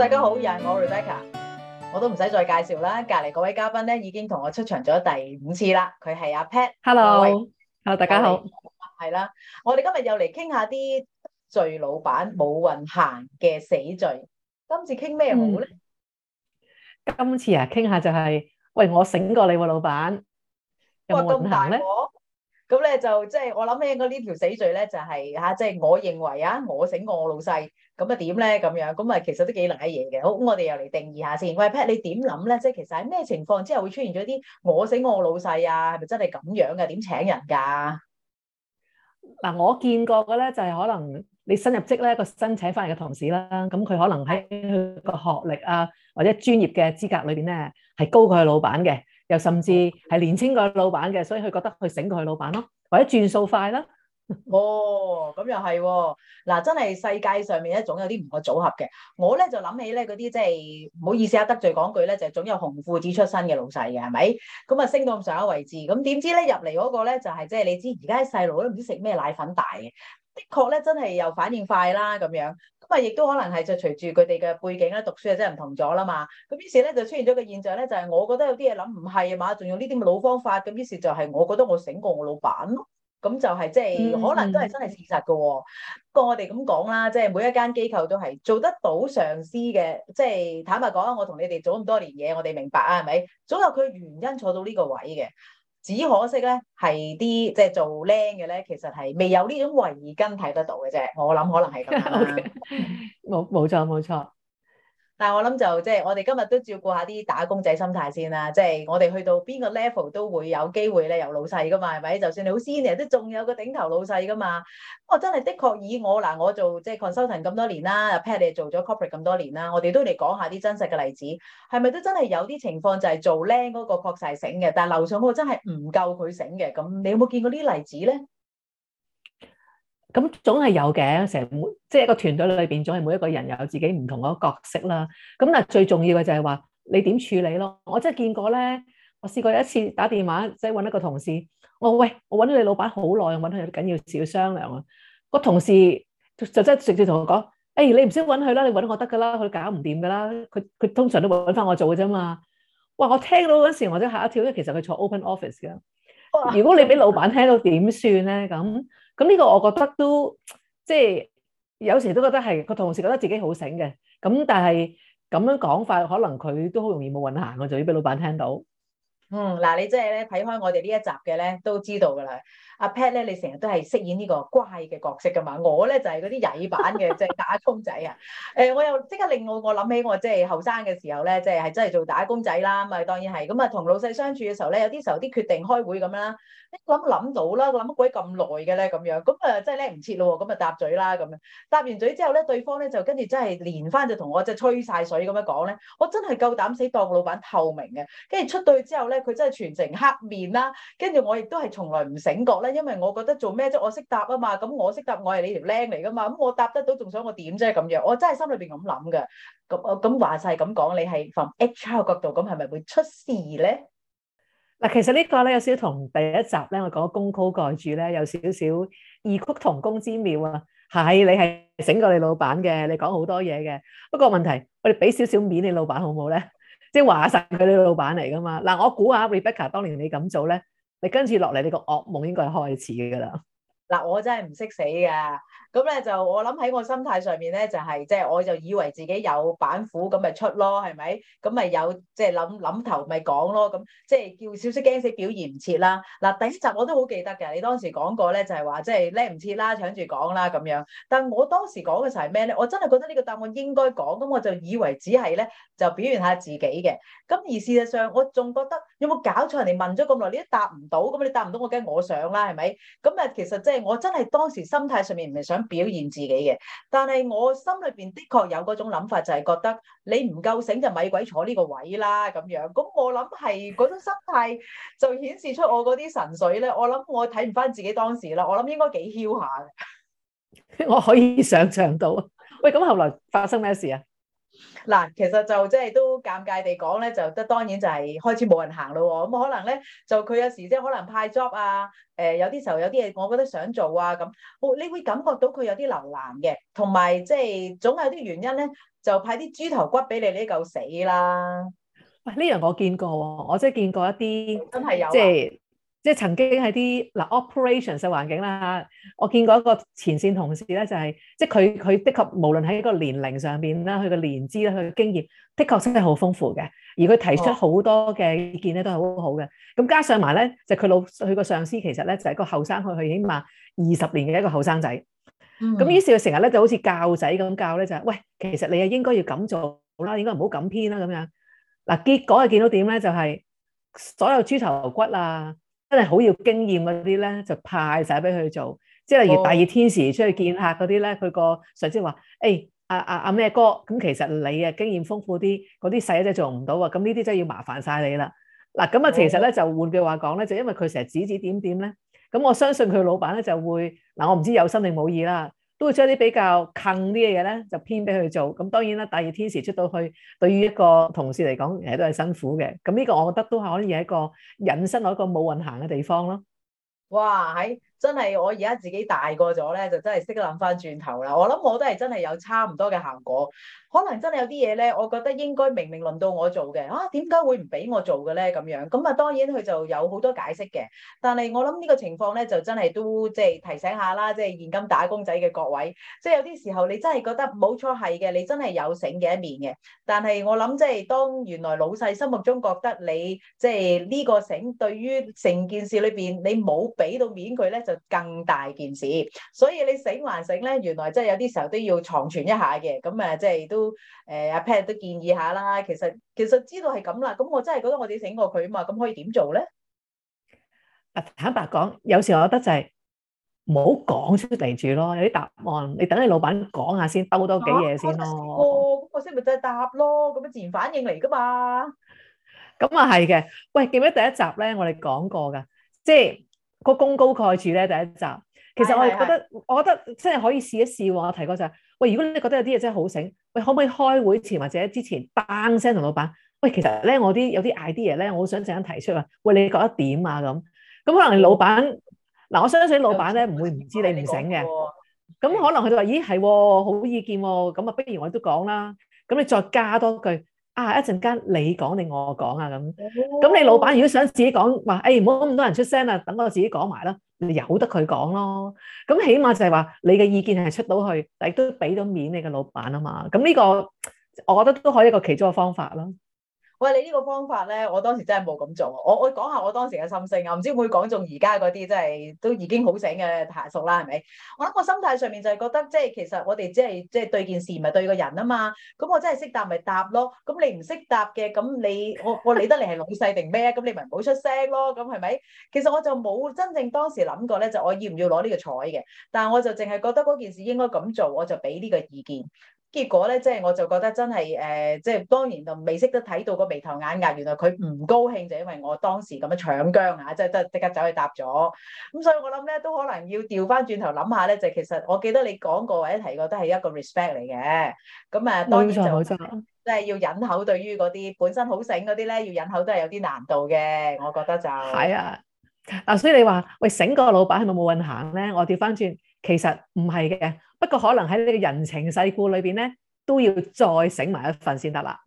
大家好，又係我 Rebecca，我都唔使再介紹啦。隔籬嗰位嘉賓咧，已經同我出場咗第五次啦。佢係阿 Pat，Hello，Hello，大家好，係啦。我哋今日又嚟傾下啲得罪老闆冇運行嘅死罪。今次傾咩好咧、嗯？今次啊，傾下就係、是，喂，我醒過你喎、啊，老闆，有冇運行咧？咁咧就即係我諗起我呢條死罪咧，就係嚇即係我認為啊，我醒過我老細咁啊點咧咁樣咁啊，其實都幾乸嘢嘅。好，我哋又嚟定義下先。喂 Pat，你點諗咧？即係其實喺咩情況之下會出現咗啲我醒過我老細啊？係咪真係咁樣噶？點請人噶？嗱，我見過嘅咧就係可能你新入職咧個新請翻嚟嘅同事啦，咁佢可能喺個學歷啊或者專業嘅資格裏邊咧係高過佢老闆嘅。又甚至係年青個老闆嘅，所以佢覺得佢醒過去老闆咯，或者轉數快啦。 哦，咁又係喎。嗱，真係世界上面一種有啲唔同嘅組合嘅。我咧就諗起咧嗰啲即係唔好意思啊，得罪講句咧，就係、是、總有紅褲子出身嘅老細嘅，係咪？咁啊升到上一位置，咁點知咧入嚟嗰個咧就係即係你知而家啲細路都唔知食咩奶粉大嘅。的確咧，真係又反應快啦，咁樣咁啊，亦都可能係就隨住佢哋嘅背景咧，讀書啊真係唔同咗啦嘛。咁於是咧就出現咗個現象咧，就係我覺得有啲嘢，諗唔係嘛，仲用呢啲嘅老方法，咁於是就係我覺得我醒過我老闆咯。咁就係即係可能都係真係事實噶。不過，嗯，我哋咁講啦，即係每一間機構都係做得到上司嘅。即係坦白講，我同你哋做咁多年嘢，我哋明白啊，係咪？總有佢原因坐到呢個位嘅。只可惜咧，係啲即係做靚嘅咧，其實係未有呢種圍巾睇得到嘅啫。我諗可能係咁樣，冇冇錯，冇錯。但係我諗就即係我哋今日都照顧下啲打工仔心態先啦，即係我哋去到邊個 level 都會有機會咧，有老細噶嘛，係咪？就算你好 senior，都仲有個頂頭老細噶嘛。我真係的，的確以我嗱，我做即係 consultant 咁多年啦，Pat 你做咗 corporate 咁多年啦，我哋都嚟講下啲真實嘅例子，係咪都真係有啲情況就係做僆嗰個確係醒嘅，但係樓上嗰個真係唔夠佢醒嘅。咁你有冇見過呢啲例子咧？咁總係有嘅，成每即係一個團隊裏邊，總係每一個人有自己唔同嗰角色啦。咁但係，最重要嘅就係話你點處理咯。我真係見過咧，我試過一次打電話，即係揾一個同事。我話，喂，我揾咗你老闆好耐，揾佢有緊要事要商量啊。個同事就就真直接同我講，誒，你唔識揾佢啦，你揾我得噶啦。佢搞唔掂噶啦。佢佢通常都會揾翻我做嘅啫嘛。哇！我聽到嗰時，我真係嚇一跳，因為其實佢坐 open office 嘅。如果你俾老闆聽到點算咧？咁咁呢個我覺得都即係有時都覺得係個同事覺得自己好醒嘅。咁但係咁樣講法，可能佢都好容易冇運行，我就要俾老闆聽到。嗯，嗱，你真係咧睇開我哋呢一集嘅咧，都知道噶啦。阿 Pat 咧，你成日都係飾演呢個乖嘅角色噶嘛？我咧就係嗰啲曳板嘅，即係打工仔啊。誒、 欸，我又即刻令我我諗起我即係後生嘅時候咧，即係係真係做打工仔啦。咁啊，當然係咁啊，同老細相處嘅時候咧，有啲時候啲決定開會咁啦，一諗諗到啦，諗乜鬼咁耐嘅咧咁樣，咁啊真係叻唔切咯，咁啊搭嘴啦咁樣。搭完嘴之後咧，對方咧就跟住真係連翻就同我即係吹晒水咁樣講咧，我真係夠膽死當個老闆透明嘅。跟住出到去之後咧。佢真係全程黑面啦，跟住我亦都係從來唔醒覺啦，因為我覺得做咩啫，我識答啊嘛，咁我識答，我係你條靚嚟噶嘛，咁我答得到，仲想我點啫咁樣？我真係心裏邊咁諗噶，咁咁話晒咁講，你係從 HR 角度，咁係咪會出事咧？嗱，其實呢個咧有少少同第一集咧我講功高蓋住咧有少少異曲同工之妙啊！係你係醒過你老闆嘅，你講好多嘢嘅，不過問題我哋俾少少面你老闆好唔好咧？即係話晒佢啲老闆嚟㗎嘛。嗱，我估下，Rebecca，當年你咁做咧，你跟住落嚟，你個噩夢應該係開始㗎啦。嗱，我真係唔識死㗎，咁咧就我諗喺我心態上面咧，就係即係我就以為自己有板斧咁咪出咯，係咪？咁咪有即係諗諗頭咪講咯，咁即係叫少少驚死，表現唔切啦。嗱，第一集我都好記得嘅，你當時講過咧，就係話即係叻唔切啦，搶住講啦咁樣。但我當時講嘅就係咩咧？我真係覺得呢個答案應該講，咁我就以為只係咧就表現下自己嘅。咁而事實上，我仲覺得有冇搞錯？人哋問咗咁耐，你都答唔到，咁你答唔到，我驚我想啦，係咪？咁啊，其實即係。我真係當時心態上面唔係想表現自己嘅，但係我心裏邊的確有嗰種諗法，就係覺得你唔夠醒就咪鬼坐呢個位啦咁樣。咁我諗係嗰種心態就顯示出我嗰啲神水咧。我諗我睇唔翻自己當時啦。我諗應該幾囂下，我可以想像到。喂，咁後來發生咩事啊？嗱，其實就即係都尷尬地講咧，就得當然就係開始冇人行咯，咁可能咧就佢有時即係可能派 job 啊，誒，有啲時候有啲嘢我覺得想做啊，咁，會你會感覺到佢有啲流難嘅，同埋即係總係有啲原因咧，就派啲豬頭骨俾你呢嚿死啦。喂、哎、呢、這、樣、個、我見過、哦，我即係見過一啲，真係有即、啊、係。就是即係曾經喺啲嗱 operations 嘅環境啦吓，我見過一個前線同事咧，就係即係佢佢的確無論喺個年齡上邊啦，佢個年資啦，佢經驗的確真係好豐富嘅。而佢提出好多嘅意見咧，都係好好嘅。咁加上埋咧，就佢老佢個上司其實咧就係個後生，佢佢起碼二十年嘅一個後生仔。咁於是佢成日咧，就好似教仔咁教咧，就係喂，其實你啊應該要咁做啦，應該唔好咁編啦咁樣。嗱，結果啊見到點咧？就係所有豬頭骨啊～真係好要經驗嗰啲咧，就派晒俾佢做。即係例如大熱天時出去見客嗰啲咧，佢個上司話：誒，阿阿阿咩哥，咁其實你啊經驗豐富啲，嗰啲細仔仔做唔到啊，咁呢啲真係要麻煩晒你啦。嗱，咁啊其實咧就換句話講咧，就因為佢成日指指點點咧，咁我相信佢老闆咧就會，嗱，我唔知有心定冇意啦。都會將啲比較坑啲嘅嘢咧，就編俾佢做。咁當然啦，大熱天時出到去，對於一個同事嚟講，其實都係辛苦嘅。咁呢個我覺得都係可以喺一個人身一個冇運行嘅地方咯。哇！喺～真係我而家自己大個咗咧，就真係識諗翻轉頭啦。我諗我都係真係有差唔多嘅效果，可能真係有啲嘢咧，我覺得應該明明輪到我做嘅啊，點解會唔俾我做嘅咧？咁樣咁啊，當然佢就有好多解釋嘅。但係我諗呢個情況咧，就真係都即係提醒下啦，即係現今打工仔嘅各位，即係有啲時候你真係覺得冇錯係嘅，你真係有醒嘅一面嘅。但係我諗即係當原來老細心目中覺得你即係呢個醒對於成件事裏邊你冇俾到面佢咧。更大件事，所以你醒還醒咧，原來真係有啲時候都要藏存一下嘅。咁誒，即係都誒，阿 Pat 都建議下啦。其實其實知道係咁啦，咁我真係覺得我哋醒過佢啊嘛。咁可以點做咧？啊，坦白講，有時我覺得就係唔好講出嚟住咯。有啲答案，你等你老闆講下先，兜多幾嘢先咯。咁我先咪即係答咯，咁樣自然反應嚟噶嘛。咁啊係嘅。喂，記唔記得第一集咧，我哋講過噶，即係。個功高蓋住咧，第一集其實我係覺得，yes, yes, yes. 我覺得真係可以試一試喎。我提過就係、喂，如果你覺得有啲嘢真係好醒，喂，可唔可以開會前或者之前單聲同老闆，喂，其實咧我啲有啲 idea 咧，我好想陣間提出啊，喂，你覺得點啊咁？咁、嗯、可能老闆嗱、嗯，我相信老闆咧唔、嗯、會唔知你唔醒嘅，咁、嗯、可能佢就話，咦係，好意見喎，咁啊，不如我都講啦，咁你再加多句。啊！一陣間你講定我講啊咁，咁你老闆如果想自己講，話誒唔好咁多人出聲啦，等我自己講埋啦，由得佢講咯。咁起碼就係話你嘅意見係出到去，亦都俾到面你嘅老闆啊嘛。咁呢個我覺得都可以一個其中嘅方法咯。喂，你呢個方法咧，我當時真係冇咁做。我我講下我當時嘅心聲啊，唔知會唔會講中而家嗰啲，真係都已經好醒嘅下屬啦，係咪？我諗我心態上面就係覺得，即係其實我哋即係即係對件事唔係對個人啊嘛。咁我真係識答咪答咯。咁你唔識答嘅，咁你我我理得你係老細定咩？咁你咪唔好出聲咯。咁係咪？其實我就冇真正當時諗過咧，就我要唔要攞呢個彩嘅？但係我就淨係覺得嗰件事應該咁做，我就俾呢個意見。結果咧，即、就、係、是、我就覺得真係誒，即、呃、係、就是、當然就未識得睇到個眉頭眼額，原來佢唔高興就因為我當時咁樣搶姜啊，即係即係即刻走去搭咗。咁所以我諗咧，都可能要調翻轉頭諗下咧，就是、其實我記得你講過或者提過都係一個 respect 嚟嘅。咁、嗯、啊，當然就好真，即係要忍口。對於嗰啲本身好醒嗰啲咧，要忍口都係有啲難度嘅。我覺得就係啊。嗱、哎，所以你話喂，醒個老闆係咪冇運行咧？我調翻轉，其實唔係嘅。不過，可能喺呢個人情世故裏邊咧，都要再醒埋一份先得啦。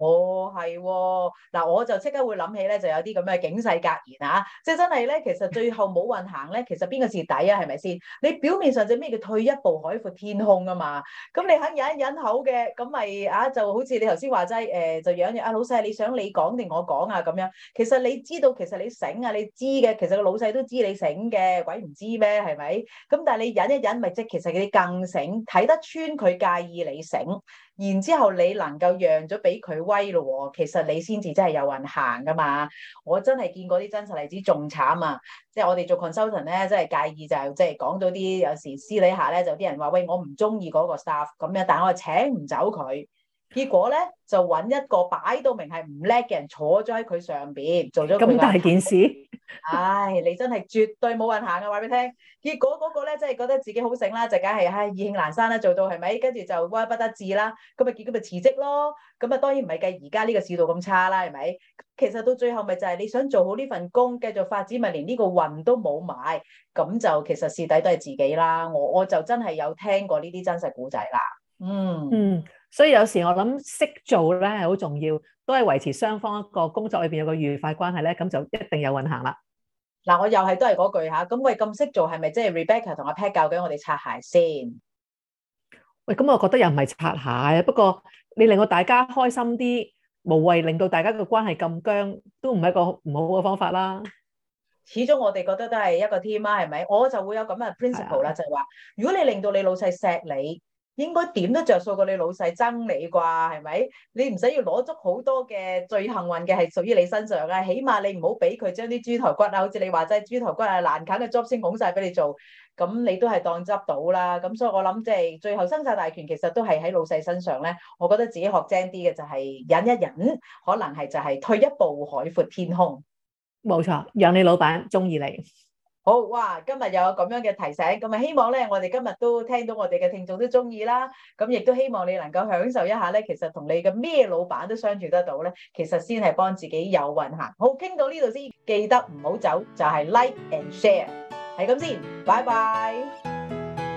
哦，係喎。嗱，我就即刻會諗起咧，就有啲咁嘅警世格言啊！即係真係咧，其實最後冇運行咧，其實邊個蝕底啊？係咪先？你表面上就咩叫退一步海闊天空啊嘛？咁你肯忍一忍口嘅，咁咪啊就好似你頭先話齋誒，就樣嘢啊老細你想你講定我講啊咁樣。其實你知道其實你醒啊，你知嘅，其實個老細都知你醒嘅，鬼唔知咩係咪？咁但係你忍一忍咪即其實你更醒，睇得穿佢介意你醒。.然之後你能夠讓咗俾佢威咯喎，哦，其實你先至真係有運行㗎嘛。我真係見過啲真實例子仲慘啊！即係我哋做 consultant 咧，真係介意就係、是、即係講到啲有時私底下咧，就啲人話喂，我唔中意嗰個 staff 咁樣，但我係請唔走佢，結果咧就揾一個擺到明係唔叻嘅人坐咗喺佢上邊做咗咁大件事。唉，你真係絕對冇運行啊！話俾你聽，結果嗰個咧，真係覺得自己好醒啦，就梗係唉意興闌珊啦，做到係咪？跟住就屈不得志啦，咁啊結果咪辭職咯。咁啊，當然唔係計而家呢個市道咁差啦，係咪？其實到最後咪就係你想做好呢份工，繼續發展，咪連呢個運都冇買，咁就其實蝕底都係自己啦。我我就真係有聽過呢啲真實古仔啦。嗯。嗯所以有時我諗識做咧係好重要，都係維持雙方一個工作裏邊有個愉快關係咧，咁就一定有運行啦。嗱，我又係都係嗰句吓，咁喂咁識做係咪即係 Rebecca 同阿 Pat 教緊我哋擦鞋先？喂，咁我覺得又唔係擦鞋，不過你令到大家開心啲，無謂令到大家個關係咁僵，都唔係一個唔好嘅方法啦。始終我哋覺得都係一個 team 啊，係咪？我就會有咁嘅 principle 啦，就係話如果你令到你老細錫你。應該點都著數過你老細憎你啩，係咪？你唔使要攞足好多嘅最幸運嘅係屬於你身上啊！起碼你唔好俾佢將啲豬頭骨啊，好似你話齋豬頭骨啊難啃嘅 job 先拱曬俾你做，咁你都係當執到啦。咁所以我諗即係最後生殺大權其實都係喺老細身上咧。我覺得自己學精啲嘅就係忍一忍，可能係就係退一步海闊天空。冇錯，讓你老闆中意你。好哇，今日有咁樣嘅提醒，咁啊希望咧，我哋今日都聽到我哋嘅聽眾都中意啦，咁亦都希望你能夠享受一下咧，其實同你嘅咩老闆都相處得到咧，其實先係幫自己有運行。好，傾到呢度先，記得唔好走，就係 like and share，係咁先，拜拜，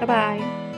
拜拜。